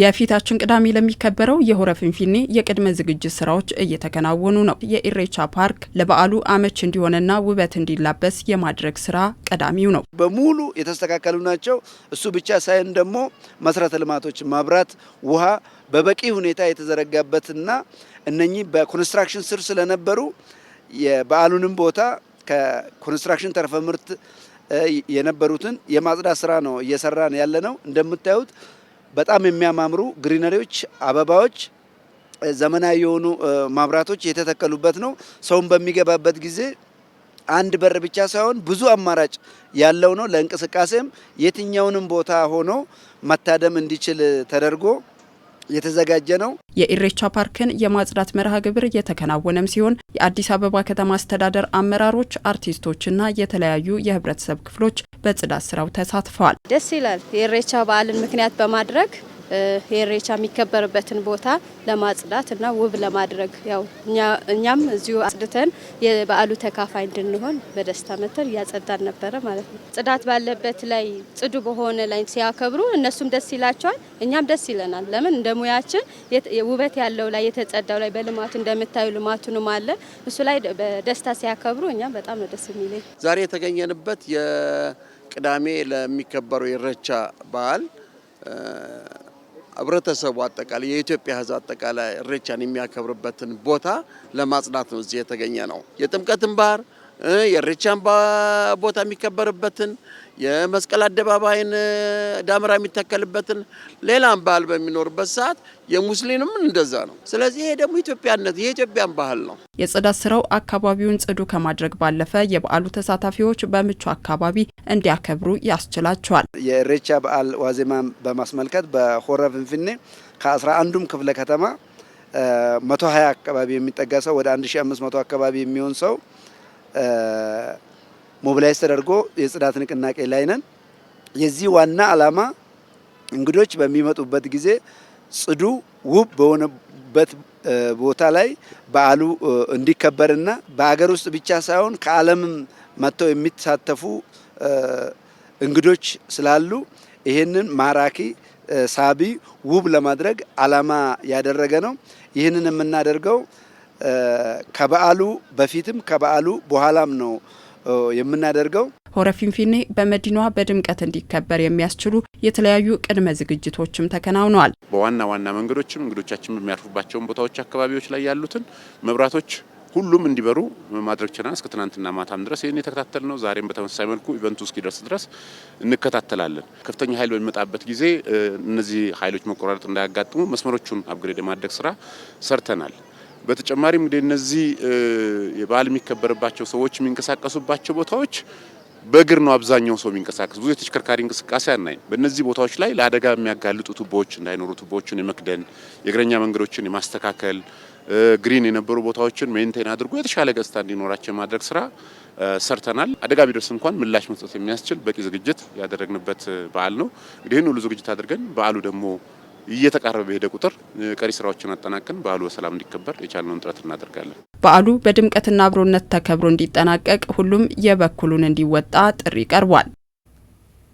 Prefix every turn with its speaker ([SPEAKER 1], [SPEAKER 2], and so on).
[SPEAKER 1] የፊታችን ቅዳሜ ለሚከበረው የሆረ ፊንፊኔ የቅድመ ዝግጅት ስራዎች እየተከናወኑ ነው። የኢሬቻ ፓርክ ለበዓሉ አመች እንዲሆነና ውበት እንዲላበስ የማድረግ ስራ ቀዳሚው ነው።
[SPEAKER 2] በሙሉ የተስተካከሉ ናቸው። እሱ ብቻ ሳይን ደግሞ መሰረተ ልማቶች፣ መብራት፣ ውሃ በበቂ ሁኔታ የተዘረጋበትና እነኚህ በኮንስትራክሽን ስር ስለነበሩ የበዓሉንም ቦታ ከኮንስትራክሽን ተረፈ ምርት የነበሩትን የማጽዳት ስራ ነው እየሰራን ያለ ነው እንደምታዩት በጣም የሚያማምሩ ግሪነሪዎች፣ አበባዎች፣ ዘመናዊ የሆኑ መብራቶች የተተከሉበት ነው። ሰውን በሚገባበት ጊዜ አንድ በር ብቻ ሳይሆን ብዙ አማራጭ ያለው ነው። ለእንቅስቃሴም የትኛውንም ቦታ ሆኖ መታደም እንዲችል ተደርጎ የተዘጋጀ ነው።
[SPEAKER 1] የኢሬቻ ፓርክን የማጽዳት መርሃ ግብር የተከናወነም ሲሆን የአዲስ አበባ ከተማ አስተዳደር አመራሮች፣ አርቲስቶችና የተለያዩ የህብረተሰብ ክፍሎች በጽዳት ስራው ተሳትፈዋል።
[SPEAKER 3] ደስ ይላል። የኢሬቻ በዓልን ምክንያት በማድረግ የኢሬቻ የሚከበርበትን ቦታ ለማጽዳት እና ውብ ለማድረግ ያው እኛም እዚሁ አጽድተን የበዓሉ ተካፋይ እንድንሆን በደስታ መተን እያጸዳን ነበረ ማለት ነው። ጽዳት ባለበት ላይ ጽዱ በሆነ ላይ ሲያከብሩ እነሱም ደስ ይላቸዋል፣ እኛም ደስ ይለናል። ለምን እንደ ሙያችን ውበት ያለው ላይ የተጸዳው ላይ በልማቱ እንደምታዩ ልማቱንም አለ እሱ ላይ በደስታ ሲያከብሩ እኛም በጣም ነው ደስ የሚለኝ
[SPEAKER 2] ዛሬ የተገኘንበት ቅዳሜ ለሚከበረው የኢሬቻ በዓል ህብረተሰቡ አጠቃላይ የኢትዮጵያ ህዝብ አጠቃላይ ኢሬቻን የሚያከብርበትን ቦታ ለማጽናት ነው እዚህ የተገኘ ነው። የጥምቀትን ባህር የኢሬቻን ቦታ የሚከበርበትን የመስቀል አደባባይን ዳምራ የሚተከልበትን ሌላም ባህል በሚኖርበት ሰዓት የሙስሊምም እንደዛ ነው። ስለዚህ ይሄ ደግሞ ኢትዮጵያነት የኢትዮጵያን ባህል ነው።
[SPEAKER 1] የጽዳት ስራው አካባቢውን ጽዱ ከማድረግ ባለፈ የበዓሉ ተሳታፊዎች በምቹ አካባቢ እንዲያከብሩ ያስችላቸዋል።
[SPEAKER 2] የሬቻ በዓል ዋዜማን በማስመልከት በሆረ ፍንፍኔ ከአስራ አንዱም ክፍለ ከተማ 120 አካባቢ የሚጠጋ ሰው ወደ 1500 አካባቢ የሚሆን ሰው ሞብላይዝ ተደርጎ የጽዳት ንቅናቄ ላይ ነን። የዚህ ዋና ዓላማ እንግዶች በሚመጡበት ጊዜ ጽዱ ውብ በሆነበት ቦታ ላይ በዓሉ እንዲከበርና በሀገር ውስጥ ብቻ ሳይሆን ከአለም መጥተው የሚሳተፉ እንግዶች ስላሉ ይህንን ማራኪ ሳቢ ውብ ለማድረግ ዓላማ ያደረገ ነው። ይህንን የምናደርገው ከበዓሉ በፊትም ከበዓሉ በኋላም ነው የምናደርገው።
[SPEAKER 1] ሆረ ፊንፊኔ በመዲናዋ በድምቀት እንዲከበር የሚያስችሉ የተለያዩ ቅድመ ዝግጅቶችም ተከናውነዋል።
[SPEAKER 4] በዋና ዋና መንገዶችም እንግዶቻችን የሚያርፉባቸውን ቦታዎች አካባቢዎች ላይ ያሉትን መብራቶች ሁሉም እንዲበሩ ማድረግ ችለናል። እስከ ትናንትና ማታም ድረስ ይህን የተከታተል ነው። ዛሬም በተመሳሳይ መልኩ ኢቨንቱ እስኪደርስ ድረስ እንከታተላለን። ከፍተኛ ኃይል በሚመጣበት ጊዜ እነዚህ ኃይሎች መቆራረጥ እንዳያጋጥሙ መስመሮቹን አፕግሬድ የማድረግ ስራ ሰርተናል። በተጨማሪም እንግዲህ እነዚህ በዓል የሚከበርባቸው ሰዎች የሚንቀሳቀሱባቸው ቦታዎች በእግር ነው አብዛኛው ሰው የሚንቀሳቀስ። ብዙ የተሽከርካሪ እንቅስቃሴ አናይም። በእነዚህ ቦታዎች ላይ ለአደጋ የሚያጋልጡ ቱቦዎች እንዳይኖሩ ቱቦዎችን የመክደን የእግረኛ መንገዶችን የማስተካከል ግሪን የነበሩ ቦታዎችን ሜንቴን አድርጎ የተሻለ ገጽታ እንዲኖራቸው የማድረግ ስራ ሰርተናል። አደጋ ቢደርስ እንኳን ምላሽ መስጠት የሚያስችል በቂ ዝግጅት ያደረግንበት በዓል ነው። እንግዲህ ይህን ሁሉ ዝግጅት አድርገን በዓሉ ደግሞ እየተቃረበ በሄደ ቁጥር ቀሪ ስራዎችን አጠናቀን በዓሉ በሰላም እንዲከበር የቻልነውን ጥረት እናደርጋለን።
[SPEAKER 1] በዓሉ በድምቀትና አብሮነት ተከብሮ እንዲጠናቀቅ ሁሉም የበኩሉን እንዲወጣ ጥሪ ቀርቧል።